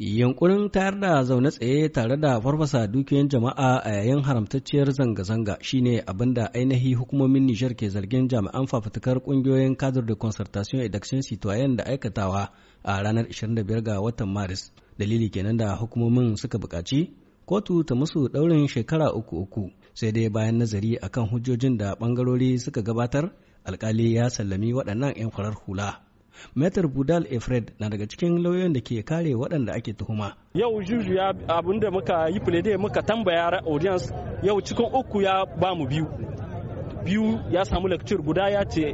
Yankurin tayar da zaune tsaye tare da farfasa dukiyoyin jama'a a yayin haramtacciyar zanga-zanga shine abin da ainihi hukumomin Nijar ke zargin jami'an fafutukar kungiyoyin kadar da concertation et d'action citoyen da aikatawa a ranar 25 ga watan Maris. Dalili kenan da hukumomin suka buƙaci kotu ta musu ɗaurin shekara uku uku sai dai bayan nazari akan hujjojin da ɓangarori suka gabatar alkali ya sallami waɗannan 'yan farar hula. Metar Budal Efred na daga cikin lauyoyin da ke kare waɗanda ake tuhuma. Yau juju ya abin da muka yi fulede muka tambaya audience yau cikin uku ya ba mu biyu. Biyu ya samu lecture guda ya ce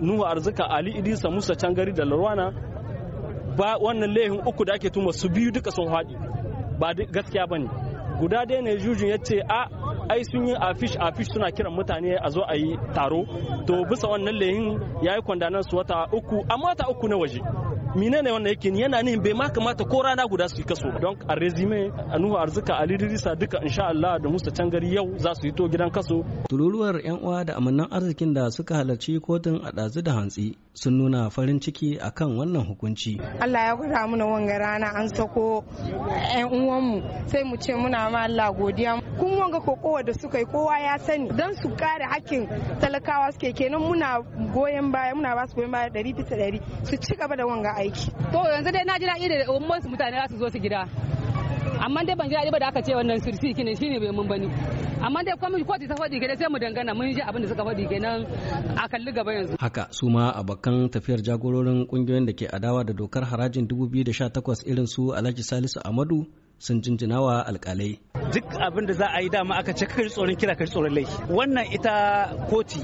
Nuhu Arzika Ali Idisa Musa Cangari da Larwana ba wannan lehin uku da ake tuhuma su biyu duka sun haɗi ba gaskiya ba ne. guda ɗaya ne jujun ya ce a ai sun yi afish afish suna kiran mutane a zo a yi taro to bisa wannan layin ya yi kwandanan su wata uku amma wata uku na waje ne wannan yake yana ne bai ma kamata ko rana guda su yi kaso don a resume anuhu arzika ali dirisa duka insha Allah da musta cangari yau za su yi to gidan kaso tururuwar yan uwa da amannan arzikin da suka halarci kotun a ɗazu da hantsi sun nuna farin ciki a kan wannan hukunci. Allah ya gwada mana wanga rana an sako 'yan uwanmu sai mu ce muna ma Allah godiya. Kun wanga kokowa da suka yi kowa ya sani don su kare hakkin talakawa suke kenan muna goyon baya muna ba goyon baya ɗari bisa ɗari su ci gaba da wanga aiki. To yanzu dai na ji daɗi da mutane za su zo su gida. amma dai ban ji daɗi ba da aka ce wannan sirsi kine shine bai mun bani amma dai kuma kotu ta faɗi kenan sai mu dangana mun ji abin da suka faɗi kenan a kalli gaba yanzu haka su ma abokan tafiyar jagororin kungiyoyin da ke adawa da dokar harajin 2018 irin su Alhaji Salisu Amadu sun jinjina wa alkalai. Duk abin da za a yi dama aka ce kai tsoron kira kai tsoron laifi. Wannan ita koti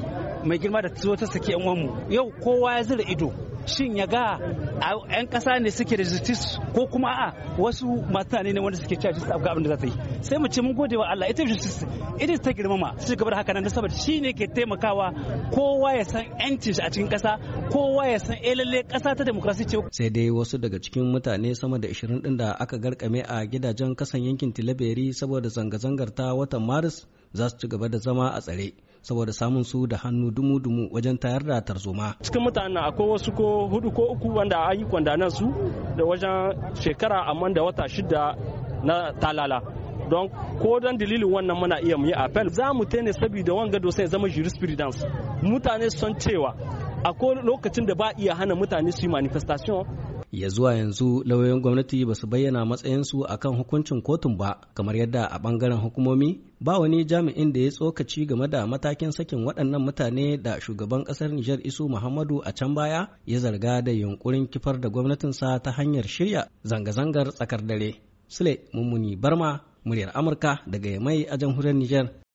mai girma da ta saki yan uwanmu. Yau kowa ya zira ido shin ya ga 'yan kasa ne suke da justice ko kuma a wasu mutane ne wanda suke cajis abu abin da za ta yi sai mu ce mun gode wa Allah ita justice ita ta girmama su gaba da haka nan saboda shi ne ke taimakawa kowa ya san 'yancin shi a cikin ƙasa kowa ya san eh lalle ƙasa ta demokrasi ce sai dai wasu daga cikin mutane sama da 20 din da aka garkame a gidajen kasan yankin Tilaberi saboda zanga-zangar ta watan Maris za su ci gaba da zama a tsare saboda samun su da hannu dumu-dumu wajen tayar da tarzoma. Cikin mutanen akwai wasu ko hudu ko uku wanda an yi kwandanan su da wajen shekara amma da wata shida na talala. Don ko don dalilin wannan muna iya mu yi apel za mu tene saboda wanga dosa ya zama jurisprudence. Mutane son cewa akwai lokacin da ba iya hana mutane su yi manifestation ya zuwa yanzu lauyoyin gwamnati ba su bayyana matsayinsu a kan hukuncin kotun ba kamar yadda a bangaren hukumomi ba wani jami'in da ya tsokaci game da matakin sakin waɗannan mutane da shugaban ƙasar Nijar Isu Muhammadu a can baya ya zarga da yunkurin kifar da gwamnatinsa ta hanyar shirya zanga-zangar tsakar dare. Sule Mummuni Barma, muryar Amurka daga Yamai a jamhuriyar Nijar.